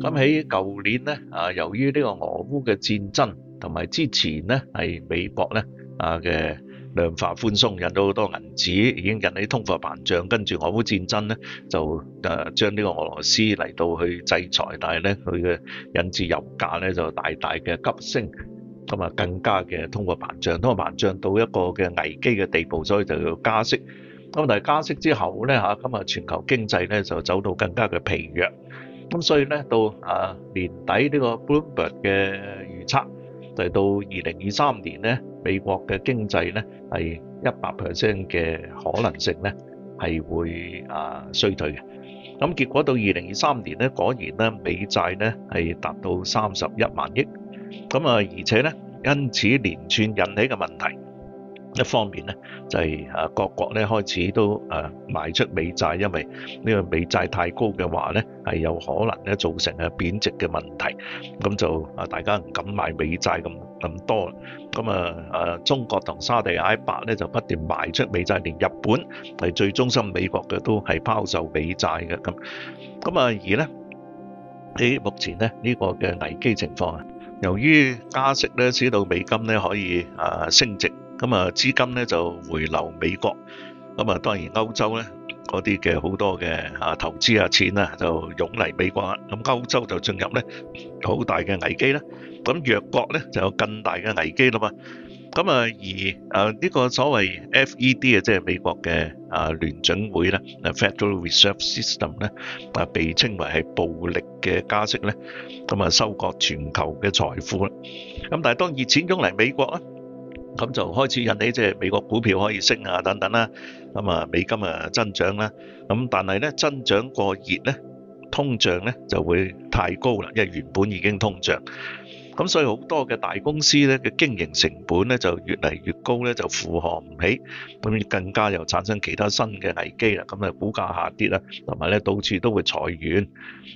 咁喺舊年咧，啊，由於呢個俄烏嘅戰爭，同埋之前咧係美國咧啊嘅量化寬鬆，引到好多銀紙已經引起通貨膨脹，跟住俄烏戰爭咧就誒將呢個俄羅斯嚟到去制裁，但係咧佢嘅引致油價咧就大大嘅急升，咁啊更加嘅通貨膨脹，通貨膨脹到一個嘅危機嘅地步，所以就要加息。咁但係加息之後咧嚇，咁啊全球經濟咧就走到更加嘅疲弱。咁所以咧，到啊年底呢個 Bloomberg 嘅預測，就係到二零二三年咧，美國嘅經濟咧係一百 percent 嘅可能性咧係會啊衰退嘅。咁結果到二零二三年咧，果然咧美債咧係達到三十一萬億。咁啊而且咧，因此連串引起嘅問題。一方面咧就係啊，各國咧開始都啊賣出美債，因為呢個美債太高嘅話咧，係有可能咧造成啊貶值嘅問題。咁就啊，大家唔敢買美債咁咁多。咁啊啊，中國同沙地埃白咧就不斷賣出美債，連日本係最忠心美國嘅都係拋售美債嘅咁。咁啊而咧，喺目前咧呢個嘅危機情況啊，由於加息咧，使到美金咧可以啊升值。咁啊，資金咧就回流美國，咁啊，當然歐洲咧嗰啲嘅好多嘅啊投資啊錢啊就湧嚟美國啦，咁歐洲就進入咧好大嘅危機啦，咁弱國咧就有更大嘅危機啦嘛，咁啊而啊呢個所謂 FED 啊，即係美國嘅啊聯準會咧，啊 Federal Reserve System 咧啊，被稱為係暴力嘅加息咧，咁啊收割全球嘅財富啦，咁但係當熱錢湧嚟美國啊。咁就開始引起即係美國股票可以升啊等等啦，咁啊美金啊增長啦，咁但係咧增長過熱咧，通脹咧就會太高啦，因為原本已經通脹。咁所以好多嘅大公司咧嘅經營成本咧就越嚟越高咧就負荷唔起，咁更加又產生其他新嘅危機啦。咁啊，股價下跌啦，同埋咧到處都會裁員。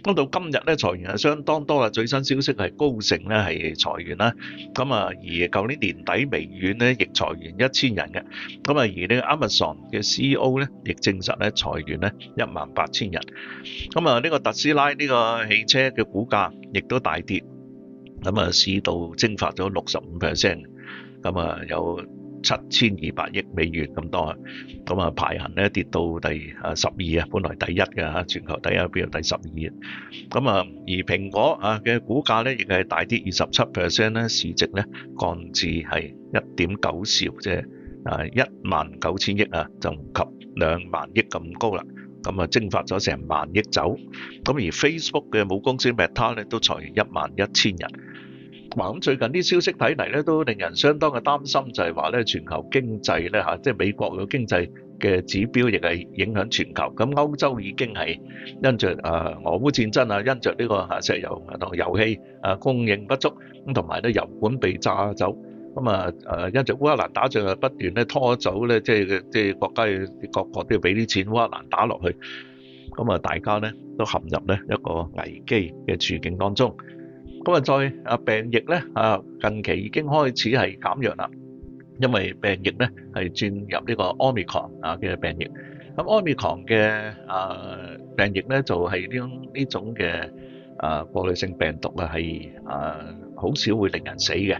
咁到今日咧裁員係相當多啦。最新消息係高盛咧係裁員啦。咁啊而舊年年底微軟咧亦裁員一千人嘅。咁啊而呢個 Amazon 嘅 CEO 咧亦證實咧裁員咧一萬八千人。咁啊呢個特斯拉呢個汽車嘅股價亦都大跌。咁啊，市道蒸發咗六十五 percent，咁啊有七千二百億美元咁多，咁啊排行咧跌到第啊十二啊，本來第一嘅嚇，全球第一變咗第十二。咁啊，而蘋果啊嘅股價咧，亦係大跌二十七 percent 咧，市值咧降至係一點九兆，即係啊一萬九千億啊，就唔及兩萬億咁高啦。咁啊蒸發咗成萬億走，咁而 Facebook 嘅母公司 Meta 咧，都裁一萬一千人。嗱咁最近啲消息睇嚟咧，都令人相當嘅擔心，就係話咧，全球經濟咧嚇，即係美國嘅經濟嘅指標，亦係影響全球。咁歐洲已經係因着啊俄烏戰爭啊，因着呢個石油同油氣啊供應不足，咁同埋咧油管被炸走，咁啊誒因着烏克蘭打仗不斷咧拖走咧，即係即係國家各國都要俾啲錢烏克蘭打落去，咁啊大家咧都陷入咧一個危機嘅處境當中。咁啊，再啊，病疫咧啊，近期已經開始係減弱啦，因為病疫咧係轉入呢個 Omicron 啊嘅病疫。咁 Omicron 嘅啊病疫咧就係、是、呢種呢種嘅啊過濾性病毒啊，係啊好少會令人死嘅。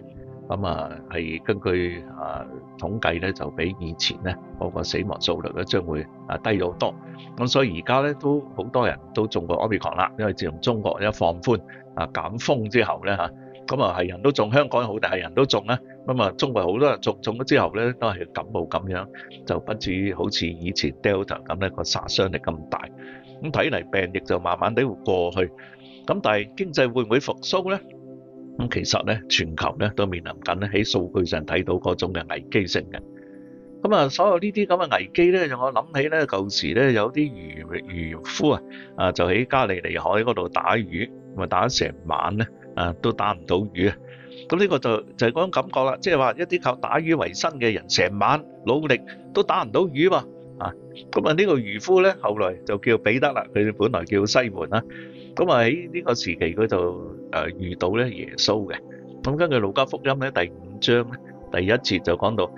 咁啊係根據啊統計咧，就比以前咧嗰、那個死亡數率咧將會啊低咗好多。咁所以而家咧都好多人都中過 Omicron 啦，因為自從中國一放寬。啊減風之後咧嚇，咁啊係人都中香港好，但係人都中咧，咁啊，中國好多人中中咗之後咧，都係感冒咁樣，就不止好似以前 Delta 咁咧個殺傷力咁大。咁睇嚟病疫就慢慢地會過去。咁但係經濟會唔會復甦咧？咁其實咧，全球咧都面臨緊咧喺數據上睇到嗰種嘅危機性嘅。咁啊，所有呢啲咁嘅危機咧，讓我諗起咧舊時咧有啲漁漁夫啊啊，就喺加利利海嗰度打魚。咪打咗成晚咧，啊都打唔到魚啊！咁呢個就就係嗰種感覺啦，即係話一啲靠打魚為生嘅人，成晚努力都打唔到魚嘛啊！咁啊呢個漁夫咧，後來就叫彼得啦，佢哋本來叫西門啦。咁啊喺呢個時期佢就誒遇到咧耶穌嘅。咁根據路加福音咧第五章咧第一節就講到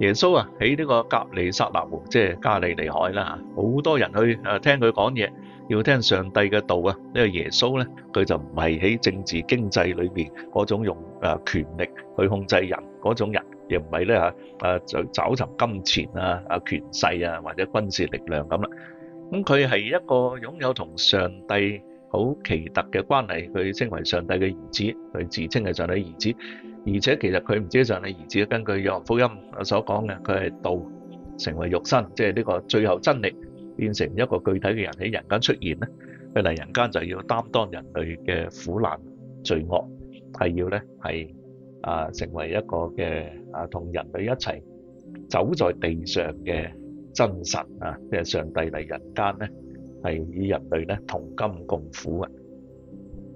耶穌啊喺呢個甲利納湖即加利撒納湖即係加利利海啦，好多人去誒聽佢講嘢。要聽上帝嘅道啊！呢個耶穌咧，佢就唔係喺政治經濟裏邊嗰種用啊權力去控制人嗰種人，亦唔係咧啊啊就找尋金錢啊啊權勢啊或者軍事力量咁啦。咁佢係一個擁有同上帝好奇特嘅關係，佢稱為上帝嘅兒子，佢自稱係上帝嘅兒子。而且其實佢唔知上帝的兒子，根據《約翰福音》所講嘅，佢係道成為肉身，即係呢個最後真理。變成一個具體嘅人喺人間出現咧，佢嚟人間就要擔當人類嘅苦難罪惡，係要咧係啊成為一個嘅啊同人類一齊走在地上嘅真神啊即係、就是、上帝嚟人間咧，係與人類咧同甘共苦嘅。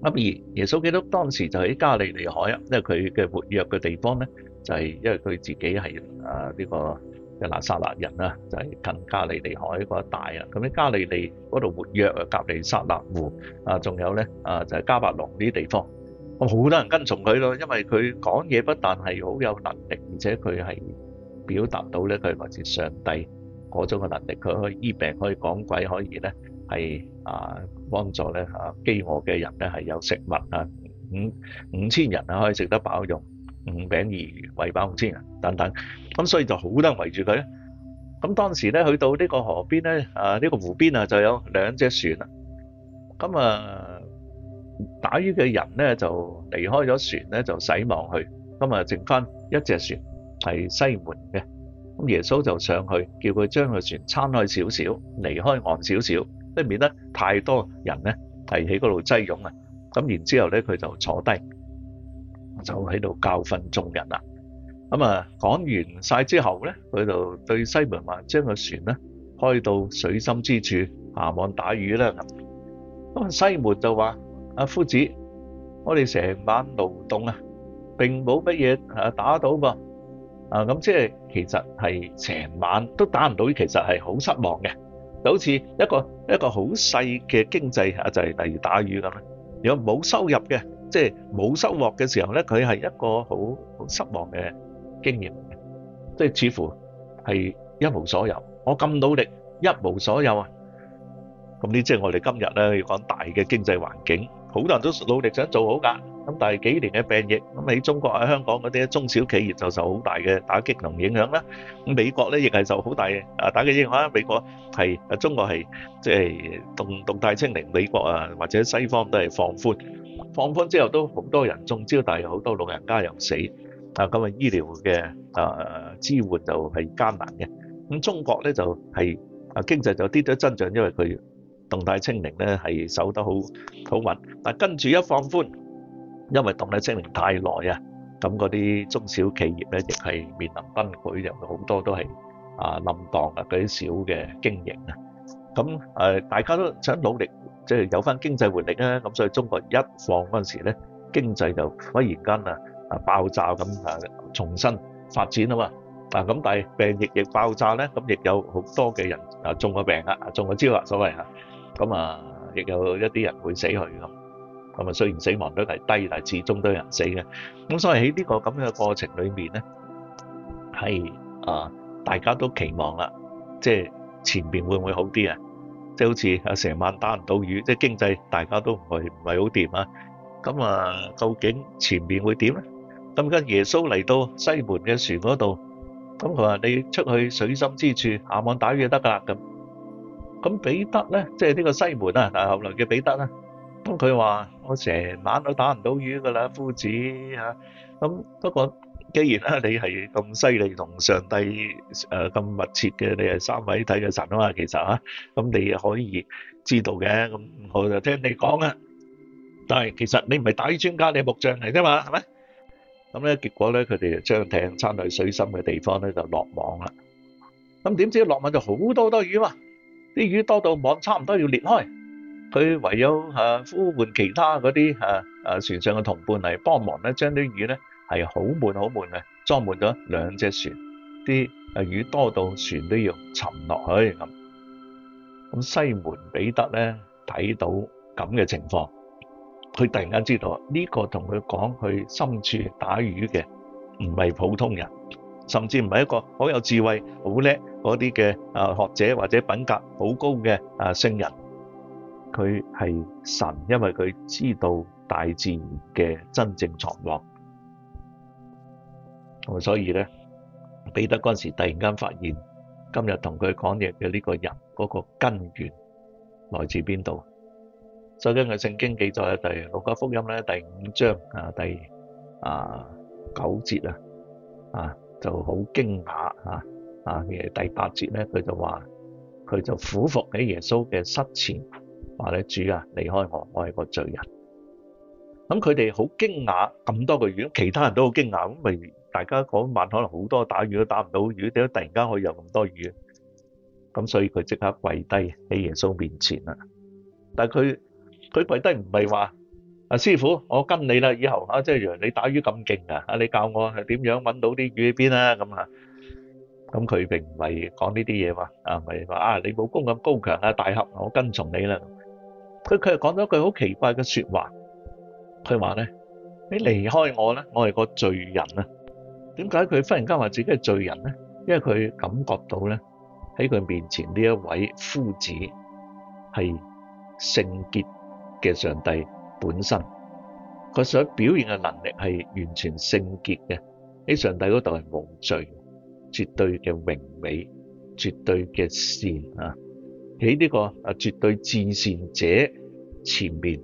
咁而耶穌基督當時就喺加利利海啊，因為佢嘅活躍嘅地方咧就係、是、因為佢自己係啊呢個。嘅拿撒勒人啊，就係、是、近加利利海嗰一帶啊，咁喺加利利嗰度活躍啊，革尼撒勒湖啊，仲有咧啊，就係、是、迦百農呢啲地方，咁好多人跟從佢咯，因為佢講嘢不但係好有能力，而且佢係表達到咧，佢來自上帝嗰種嘅能力，佢可以醫病，可以講鬼，可以咧係啊幫助咧嚇、啊、飢餓嘅人咧係有食物啊，五千人啊可以食得飽用。五餅二魚、餵飽五千人等等，咁所以就好多人圍住佢。咁當時去到呢個河邊呢、啊、這個呢個湖邊就有兩隻船、啊、打魚嘅人咧就離開咗船呢就洗網去，咁剩翻一隻船係西門嘅。咁耶穌就上去叫佢將個船撐開少少，離開岸少少，即係免得太多人呢提起嗰度擠擁啊，然後咧佢就坐低。就喺度教訓眾人啦。咁啊，講完晒之後咧，佢就對西門話：將個船咧開到水深之處，下網打魚啦。咁西門就話：阿夫子，我哋成晚勞動啊，並冇乜嘢啊打到噃啊。咁即係其實係成晚都打唔到，其實係好失望嘅。就好似一個一個好細嘅經濟啊，就係例如打魚咁啦，如果冇收入嘅。即係冇收穫嘅時候咧，佢係一個好好失望嘅經驗嘅，即係似乎係一無所有。我咁努力一無所有啊！咁呢，即係我哋今日咧要講大嘅經濟環境，好多人都努力想做好㗎。咁但係幾年嘅病疫咁喺中國、喺香港嗰啲中小企業就受好大嘅打擊同影響啦。咁美國咧亦係受好大嘅啊打擊影響啦。美國係啊，中國係即係動動態清零，美國啊或者西方都係放寬。放寬之後都好多人中招，但係好多老人家又死，啊咁啊醫療嘅啊支援就係艱難嘅。咁中國咧就係啊經濟就跌咗增長，因為佢動態清零咧係守得好好穩，但跟住一放寬，因為動態清零太耐啊，咁嗰啲中小企業咧亦係面臨崩潰，又好多都係啊冧檔啊嗰啲小嘅經營啊。大家都想努力，即、就、係、是、有翻經濟活力咁，所以中國一放嗰陣時咧，經濟就忽然間爆炸咁重新發展咁，但係病疫疫爆炸也咁亦有好多嘅人中咗病，中咗招啊，所謂也咁啊，亦有一啲人會死去咁。咁雖然死亡率係低，但係始終都有人死嘅。咁所以喺呢個咁嘅過程裏面大家都期望啦，即係前面會唔會好啲啊？即係好似阿成晚打唔到魚，即係經濟大家都唔係唔係好掂啊！咁啊，究竟前面會點咧？咁跟耶穌嚟到西門嘅船嗰度，咁佢話：你出去水深之處下網打魚就得㗎咁。咁彼得咧，即係呢個西門啦，但係後來嘅彼得啦，咁佢話：我成晚都打唔到魚㗎啦，夫子嚇。咁不過。既然啦、呃，你係咁犀利同上帝誒咁密切嘅，你係三位體嘅神啊嘛，其實啊，咁你可以知道嘅。咁我就聽你講啊。但係其實你唔係打魚專家，你係木匠嚟啫嘛，係咪？咁咧，結果咧，佢哋就將艇撐到水深嘅地方咧，就落網啦。咁點知落網就好多多魚啊嘛！啲魚多到網差唔多要裂開。佢唯有嚇呼喚其他嗰啲嚇誒船上嘅同伴嚟幫忙咧，將啲魚咧。係好悶好悶嘅，裝滿咗兩隻船，啲誒魚多到船都要沉落去咁。西門彼得呢睇到咁嘅情況，佢突然間知道呢個同佢講佢深處打魚嘅唔係普通人，甚至唔係一個好有智慧、好叻嗰啲嘅誒學者或者品格好高嘅誒聖人，佢係神，因為佢知道大自然嘅真正狀況。所以呢彼得嗰時突然間發現今日同佢講嘢嘅呢個人嗰個根源來自邊度？再根據聖經記載第六個福音咧第五章啊第啊九節啊啊，就好驚訝啊啊！嘅第八節咧，佢就話佢就俯伏喺耶穌嘅膝前，話你主啊，離開我，我係個罪人。咁佢哋好驚訝咁多個月，其他人都好驚訝咁咪。大家嗰晚可能好多打魚都打唔到魚，點解突然間可以有咁多魚？咁所以佢即刻跪低喺耶穌面前啦。但係佢佢跪低唔係話：啊，師傅，我跟你啦，以後啊，即係原來你打魚咁勁啊，啊，你教我係點樣揾到啲魚喺邊啦？咁啊，咁佢並唔係講呢啲嘢話，啊，唔係話啊，你武功咁高強啊，大俠，我跟從你啦。佢佢係講咗句好奇怪嘅説話。佢話咧：你離開我咧，我係個罪人啊！點解佢忽然間話自己係罪人呢？因為佢感覺到咧，喺佢面前呢一位夫子係聖潔嘅上帝本身，佢所表現嘅能力係完全聖潔嘅，喺上帝嗰度係無罪，絕對嘅榮美，絕對嘅善啊！喺呢個啊絕對至善者前面，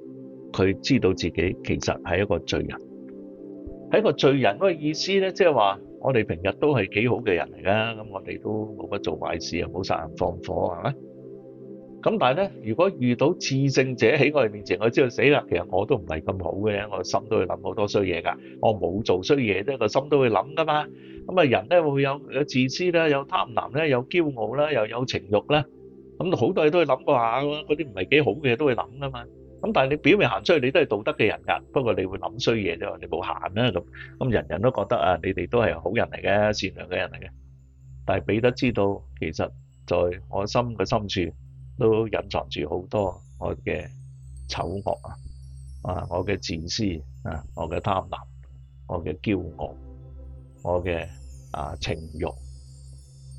佢知道自己其實係一個罪人。喺個罪人嗰個意思咧，即係話我哋平日都係幾好嘅人嚟噶，咁我哋都冇乜做壞事，又冇殺人放火，係咪？咁但係咧，如果遇到至聖者喺我哋面前，我知道死啦。其實我都唔係咁好嘅，我心都會諗好多衰嘢㗎。我冇做衰嘢啫，個心都會諗㗎嘛。咁啊，人咧會有有自私啦，有貪婪咧，有驕傲啦，又有情欲啦。咁好多嘢都會諗過下，嗰啲唔係幾好嘅嘢都會諗㗎嘛。咁但係你表面行出去，你都係道德嘅人噶，不過你會諗衰嘢啫，你冇行啦咁。咁人人都覺得啊，你哋都係好人嚟嘅，善良嘅人嚟嘅。但係彼得知道，其實在我心嘅深處都隱藏住好多我嘅醜惡啊，啊，我嘅自私啊，我嘅貪婪，我嘅驕傲，我嘅啊情欲。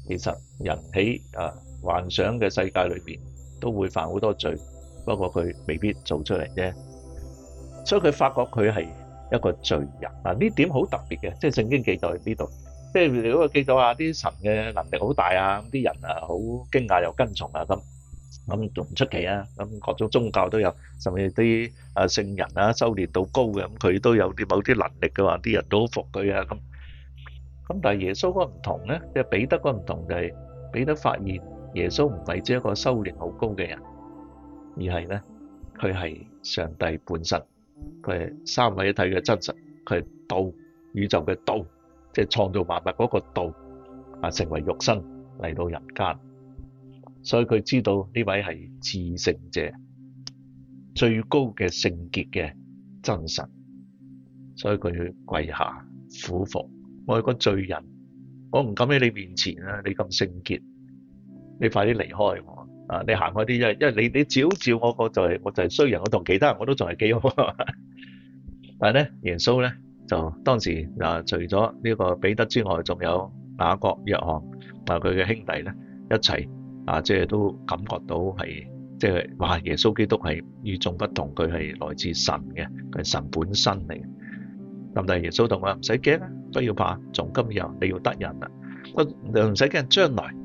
其實人喺啊幻想嘅世界裏邊，都會犯好多罪。不過佢未必做出嚟啫，所以佢發覺佢係一個罪人嗱，呢點好特別嘅，即係聖經記載喺呢度，即係如果記到啊啲神嘅能力好大啊，咁啲人啊好驚訝又跟從啊，咁咁仲唔出奇啊？咁各種宗教都有，甚至啲啊聖人啊修煉到高嘅，咁佢都有啲某啲能力嘅話，啲人都好服佢啊咁。咁但係耶穌嗰個唔同咧，即係彼得嗰個唔同就係，彼得發現耶穌唔係只一個修煉好高嘅人。而係呢，佢係上帝本身，佢係三位一體嘅真實，佢係道，宇宙嘅道，即係創造萬物嗰個道啊，成為肉身嚟到人間，所以佢知道呢位係至聖者，最高嘅聖潔嘅真神，所以佢跪下俯伏，我係個罪人，我唔敢喺你面前呀，你咁聖潔，你快啲離開我。啊！你行開啲，因因為你你照照我，我、就係，我就係我就係衰人。我同其他人我都仲係幾好，呵呵但係咧耶穌咧就當時啊，除咗呢個彼得之外，仲有雅各、約翰同埋佢嘅兄弟咧一齊啊，即、就、係、是、都感覺到係即係話耶穌基督係與眾不同，佢係來自神嘅，佢係神本身嚟。咁但係耶穌同我話唔使驚，不要怕，不要怕，從今日你要得人啦，不唔使驚將來。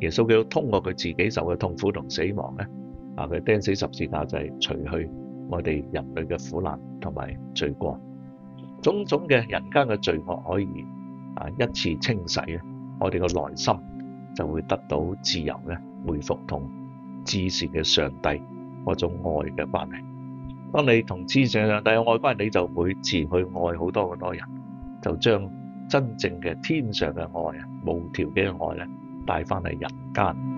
耶穌基督通過佢自己受嘅痛苦同死亡呢啊，佢釘死十字架就係除去我哋人類嘅苦難同埋罪過，種種嘅人間嘅罪惡可以啊一次清洗我哋嘅內心就會得到自由咧，回復同至善嘅上帝嗰種愛嘅關係。當你同至善上帝愛愛關係，你就會自然去愛好多好多人，就將真正嘅天上嘅愛啊，無條件嘅愛帶翻嚟人間。